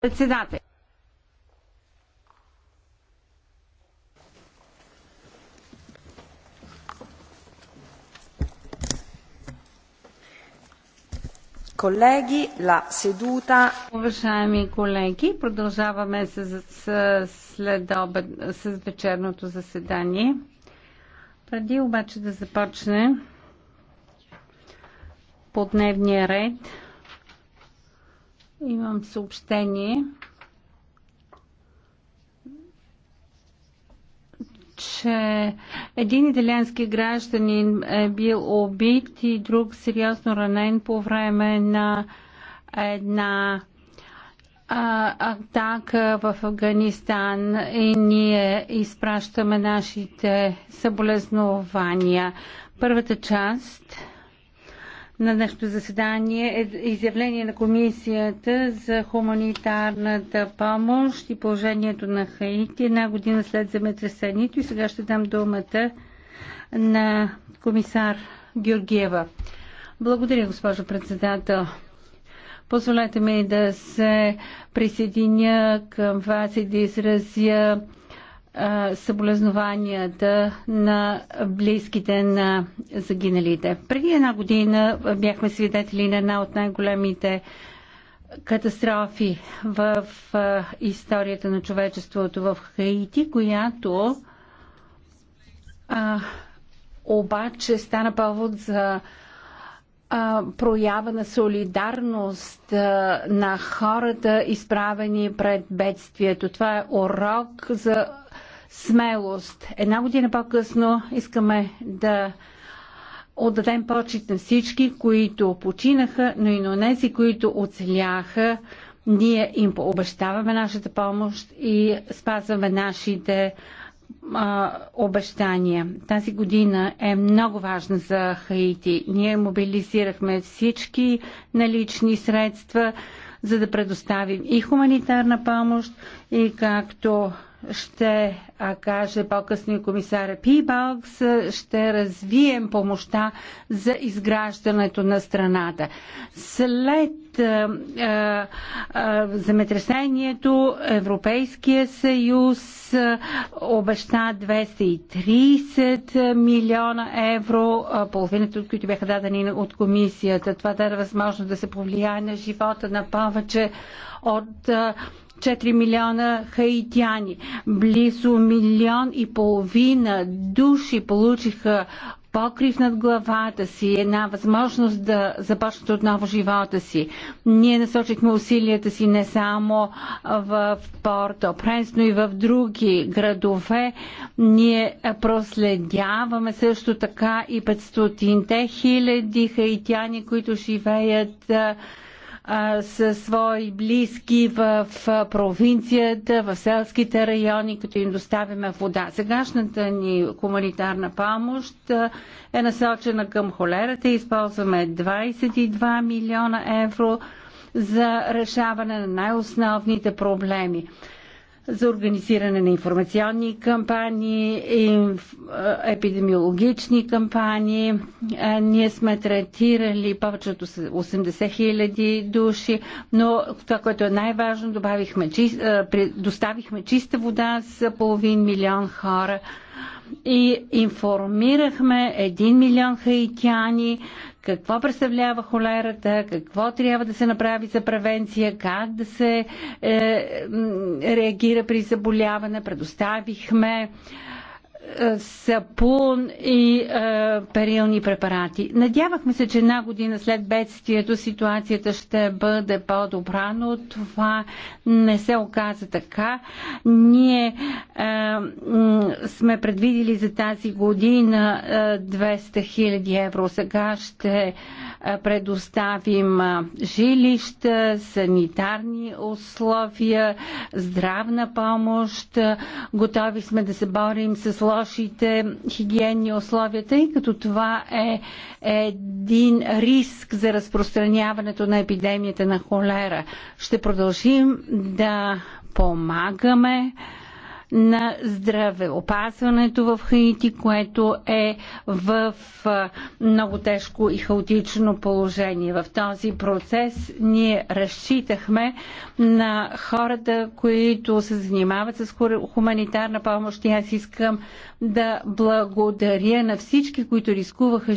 председател. Колеги, ла седута. Уважаеми колеги, продължаваме с, с, след обед, с вечерното заседание. Преди обаче да започне по дневния ред, Имам съобщение, че един италиански гражданин е бил убит и друг сериозно ранен по време на една атака в Афганистан и ние изпращаме нашите съболезнования. Първата част на днешното заседание е изявление на Комисията за хуманитарната помощ и положението на Хаити една година след земетресението. И сега ще дам думата на комисар Георгиева. Благодаря, госпожо председател. Позволете ми да се присъединя към вас и да изразя съболезнованията на близките на загиналите. Преди една година бяхме свидетели на една от най-големите катастрофи в историята на човечеството в Хаити, която а, обаче стана повод за а, проява на солидарност а, на хората, изправени пред бедствието. Това е урок за смелост. Една година по-късно искаме да отдадем почет на всички, които починаха, но и на тези, които оцеляха. Ние им обещаваме нашата помощ и спазваме нашите а, обещания. Тази година е много важна за Хаити. Ние мобилизирахме всички налични средства, за да предоставим и хуманитарна помощ, и както ще а каже по-късно комисара Пибалкс, ще развием помощта за изграждането на страната. След а, а, а, земетресението Европейския съюз обеща 230 милиона евро, половината от които бяха дадени от комисията. Това даде възможност да се повлияе на живота на повече от а, 4 милиона хаитяни. Близо милион и половина души получиха покрив над главата си, една възможност да започнат отново живота си. Ние насочихме усилията си не само в Порто Пренс, но и в други градове. Ние проследяваме също така и 500 хиляди хаитяни, които живеят със свои близки в провинцията, в селските райони, като им доставяме вода. Сегашната ни хуманитарна помощ е насочена към холерата. Използваме 22 милиона евро за решаване на най-основните проблеми за организиране на информационни кампании, епидемиологични кампании. Ние сме третирали повече от 80 хиляди души, но това, което е най-важно, добавихме, доставихме чиста вода с половин милион хора и информирахме един милион хаитяни какво представлява холерата, какво трябва да се направи за превенция, как да се е, реагира при заболяване, предоставихме сапун и а, перилни препарати. Надявахме се, че една година след бедствието ситуацията ще бъде по-добра, но това не се оказа така. Ние а, сме предвидили за тази година а, 200 000 евро. Сега ще предоставим а, жилища, санитарни условия, здравна помощ. Готови сме да се борим с лошите лошите хигиенни условия, тъй като това е един риск за разпространяването на епидемията на холера. Ще продължим да помагаме на здравеопазването в Хаити, което е в много тежко и хаотично положение. В този процес ние разчитахме на хората, които се занимават с хуманитарна помощ и аз искам да благодаря на всички, които рискуваха